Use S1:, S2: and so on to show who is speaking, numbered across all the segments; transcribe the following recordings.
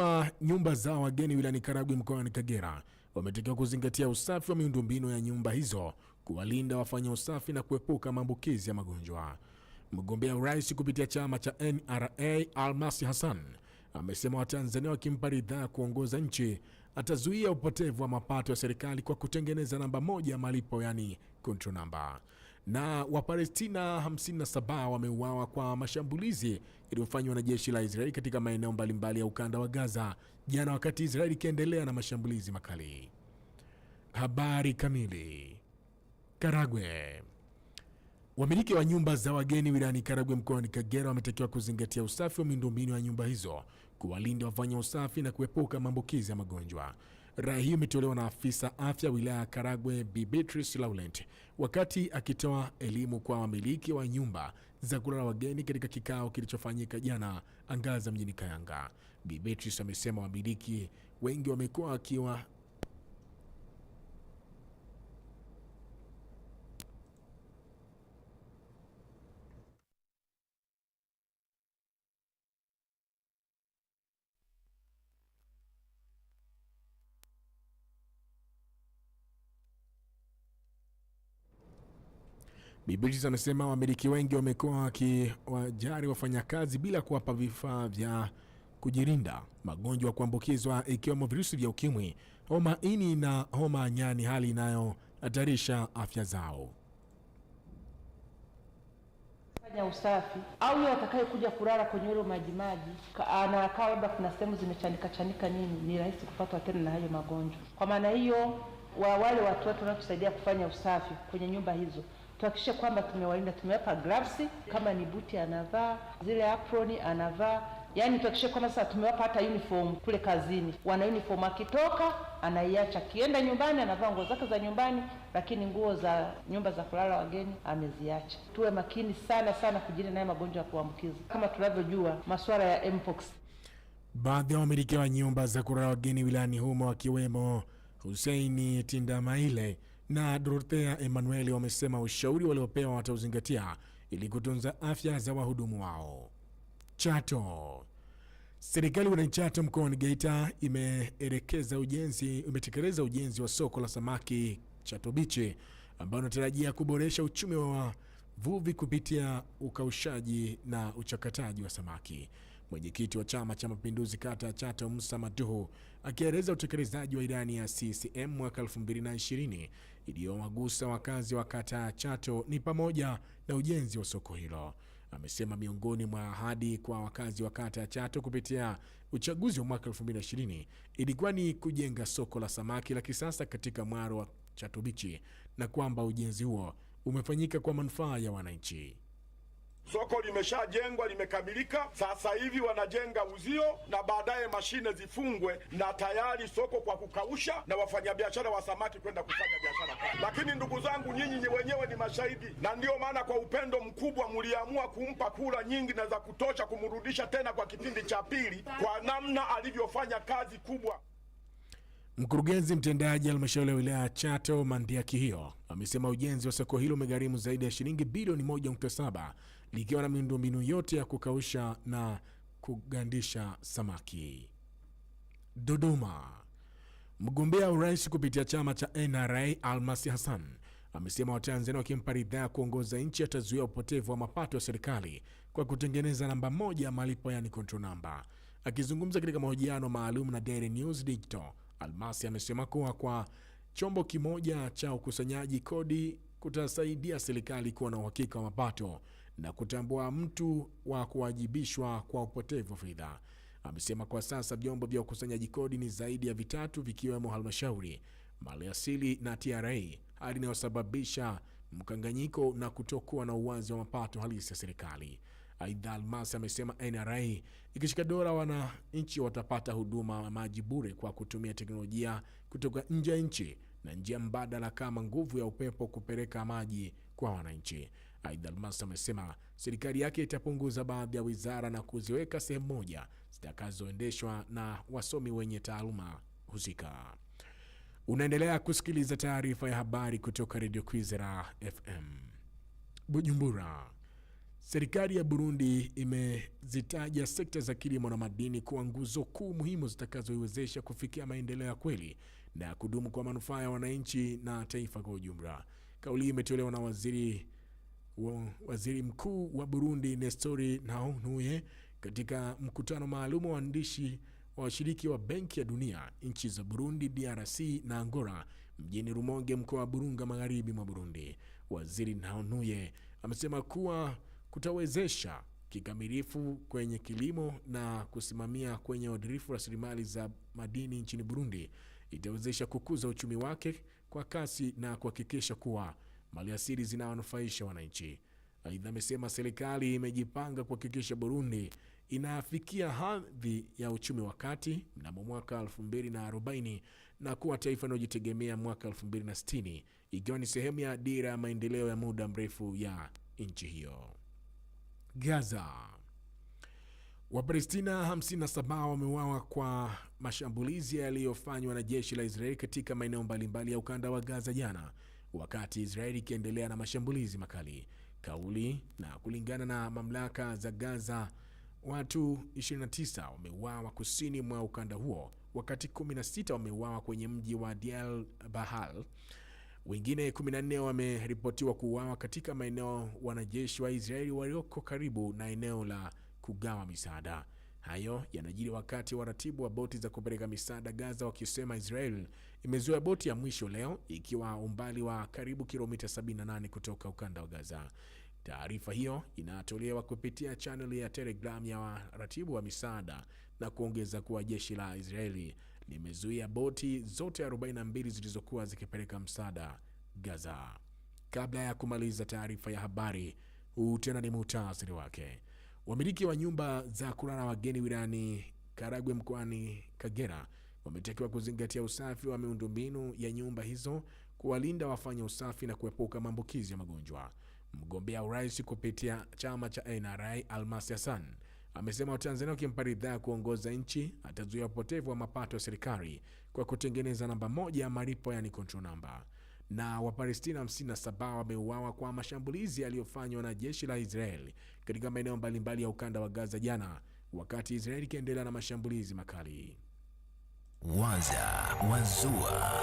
S1: wa nyumba za wageni wilayani Karagwe mkoani Kagera wametakiwa kuzingatia usafi wa miundombinu ya nyumba hizo, kuwalinda wafanya usafi na kuepuka maambukizi ya magonjwa. Mgombea urais kupitia chama cha NRA Almasi Hassan amesema Watanzania wakimpa ridhaa kuongoza nchi atazuia upotevu wa mapato ya serikali kwa kutengeneza namba moja ya malipo, yani control number na Wapalestina 57 wameuawa kwa mashambulizi yaliyofanywa na jeshi la Israeli katika maeneo mbalimbali ya ukanda wa Gaza jana, wakati Israeli ikiendelea na mashambulizi makali. Habari kamili. Karagwe. Wamiliki wa nyumba za wageni wilayani Karagwe mkoani Kagera wametakiwa kuzingatia usafi wa miundombinu ya nyumba hizo, kuwalinda wafanya usafi na kuepuka maambukizi ya magonjwa. Rai hiyo imetolewa na afisa afya wilaya ya Karagwe Bi Beatrice Laurent wakati akitoa elimu kwa wamiliki wa nyumba za kulala wageni katika kikao kilichofanyika jana Angaza mjini Kayanga. Bi Beatrice amesema wamiliki wengi wamekuwa wakiwa Bibilis anasema wamiliki wengi wamekuwa wakiwajari wafanyakazi bila kuwapa vifaa vya kujirinda magonjwa kuambukizwa ikiwemo virusi vya ukimwi, homa ini na homa nyani, hali inayohatarisha afya zao.
S2: Fanya usafi au yeye atakaye kuja kulala kwenye ulo maji maji anakaa labda kuna sehemu zimechanika chanika nini, ni rahisi kupatwa tena na hayo magonjwa. Kwa maana hiyo, wa wale watu wetu wanatusaidia kufanya usafi kwenye nyumba hizo tuhakikishe kwamba tumewalinda, tumewapa gloves, kama ni buti anavaa zile apron anavaa, yaani tuhakikishe kwamba sasa tumewapa hata uniform kule kazini, wana uniform, akitoka anaiacha, akienda nyumbani anavaa nguo zake za nyumbani, lakini nguo za nyumba za kulala wageni ameziacha. Tuwe makini sana sana kujilinda naye magonjwa ya kuambukiza kama tunavyojua masuala ya mpox.
S1: Baadhi ya wamiliki wa nyumba za kulala wageni wilayani humo wakiwemo Huseini Tindamaile na Dorothea Emmanuel wamesema ushauri waliopewa watauzingatia ili kutunza afya za wahudumu wao. Chato. Serikali wilaya Chato mkoani Geita imeelekeza ujenzi, imetekeleza ujenzi wa soko la samaki Chato Bichi ambao unatarajia kuboresha uchumi wa wavuvi kupitia ukaushaji na uchakataji wa samaki. Mwenyekiti wa Chama cha Mapinduzi kata ya Chato Musa Matuhu akieleza utekelezaji wa ilani ya CCM mwaka 2020 iliyowagusa wakazi wa kata ya Chato ni pamoja na ujenzi wa soko hilo. Amesema miongoni mwa ahadi kwa wakazi wa kata ya Chato kupitia uchaguzi wa mwaka 2020 ilikuwa ni kujenga soko la samaki la kisasa katika mwaro wa Chato Bichi na kwamba ujenzi huo umefanyika kwa manufaa ya wananchi.
S3: Soko limeshajengwa limekamilika, sasa hivi wanajenga uzio na baadaye mashine zifungwe na tayari soko kwa kukausha na wafanyabiashara wa samaki kwenda kufanya biashara pale. Lakini ndugu zangu, nyinyi wenyewe ni mashahidi, na ndiyo maana kwa upendo mkubwa mliamua kumpa kura nyingi na za kutosha kumrudisha tena kwa kipindi cha pili kwa namna alivyofanya kazi kubwa.
S1: Mkurugenzi mtendaji halmashauri ya wilaya ya Chato Mandiaki hiyo amesema ujenzi wa soko hilo umegharimu zaidi ya shilingi bilioni 1.7 likiwa na miundombinu yote ya kukausha na kugandisha samaki. Dodoma. Mgombea urais kupitia chama cha NRA Almasi Hassan amesema Watanzania wakimpa ridhaa kuongoza nchi atazuia upotevu wa mapato ya serikali kwa kutengeneza namba moja ya malipo, yani control namba. Akizungumza katika mahojiano maalum na Daily News Digital, Almasi amesema kuwa kwa chombo kimoja cha ukusanyaji kodi kutasaidia serikali kuwa na uhakika wa mapato na kutambua mtu wa kuwajibishwa kwa upotevu wa fedha. Amesema kwa sasa vyombo vya ukusanyaji kodi ni zaidi ya vitatu, vikiwemo halmashauri, maliasili na TRA, hali inayosababisha mkanganyiko na kutokuwa na uwazi wa mapato halisi ya serikali. Aidha, Almasi amesema NRA ikishika dola, wananchi watapata huduma ya maji bure kwa kutumia teknolojia kutoka nje ya nchi na njia mbadala kama nguvu ya upepo kupeleka maji kwa wananchi. Aidha, Almasi amesema serikali yake itapunguza baadhi ya wizara na kuziweka sehemu moja zitakazoendeshwa na wasomi wenye taaluma husika. Unaendelea kusikiliza taarifa ya habari kutoka Redio Kwizera FM. Bujumbura, serikali ya Burundi imezitaja sekta za kilimo na madini kuwa nguzo kuu muhimu zitakazoiwezesha kufikia maendeleo ya kweli na kudumu kwa manufaa ya wananchi na taifa kwa ujumla. Kauli hii imetolewa na waziri, wa, waziri mkuu wa Burundi Nestori naonuye katika mkutano maalum wa waandishi wa washiriki wa Benki ya Dunia nchi za Burundi, DRC na Angola mjini Rumonge, mkoa wa Burunga, magharibi mwa Burundi. Waziri naonuye amesema kuwa kutawezesha kikamilifu kwenye kilimo na kusimamia kwenye uadilifu rasilimali za madini nchini Burundi itawezesha kukuza uchumi wake kwa kasi na kuhakikisha kuwa maliasili zinawanufaisha wananchi. Aidha, amesema serikali imejipanga kuhakikisha Burundi inafikia hadhi ya uchumi wa kati mnamo mwaka 2040 na kuwa taifa linalojitegemea mwaka 2060 ikiwa ni sehemu ya dira ya maendeleo ya muda mrefu ya nchi hiyo. Gaza. Wapalestina 57 wameuawa kwa mashambulizi yaliyofanywa na jeshi la Israeli katika maeneo mbalimbali ya ukanda wa Gaza jana, wakati Israeli ikiendelea na mashambulizi makali kauli na kulingana na mamlaka za Gaza, watu 29 wameuawa kusini mwa ukanda huo, wakati 16 wameuawa kwenye mji wa Dial Bahal. Wengine 14 wameripotiwa kuuawa katika maeneo wanajeshi wa Israeli walioko karibu na eneo la kugawa misaada. Hayo yanajiri wakati waratibu wa boti za kupeleka misaada Gaza wakisema Israel imezuia boti ya mwisho leo ikiwa umbali wa karibu kilomita 78 kutoka ukanda wa Gaza. Taarifa hiyo inatolewa kupitia channel ya Telegram ya waratibu wa misaada na kuongeza kuwa jeshi la Israeli limezuia boti zote 42 zilizokuwa zikipeleka msaada Gaza. Kabla ya kumaliza taarifa ya habari, huu tena ni muhtasari wake. Wamiliki wa nyumba za kulala wageni wilayani Karagwe mkoani Kagera wametakiwa kuzingatia usafi wa miundombinu ya nyumba hizo, kuwalinda wafanya usafi na kuepuka maambukizi ya magonjwa. Mgombea urais kupitia chama cha NRI Almasi Hassan amesema Watanzania wakimpa ridhaa kuongoza nchi atazuia upotevu wa mapato ya serikali kwa kutengeneza namba moja ya malipo, yani control number na Wapalestina 57 wameuawa kwa mashambulizi yaliyofanywa na jeshi la Israeli katika maeneo mbalimbali ya ukanda wa Gaza jana, wakati Israeli ikiendelea na mashambulizi makali.
S4: Waza Wazua.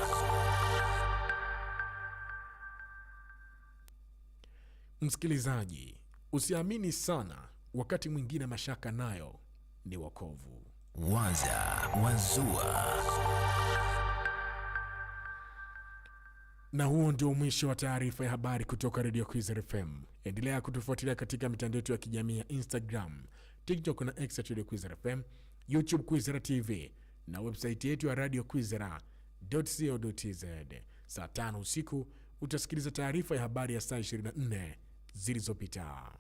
S1: Msikilizaji, usiamini sana, wakati mwingine mashaka nayo ni wokovu.
S4: Waza Wazua.
S1: Na huo ndio mwisho wa taarifa ya habari kutoka Radio Kwizera FM. Endelea kutufuatilia katika mitandao yetu ya kijamii ya Instagram, TikTok na X at Radio Kwizera FM, YouTube Kwizera TV na websaiti yetu ya Radio Kwizera co.tz. Saa tano usiku utasikiliza taarifa ya habari ya saa 24 zilizopita.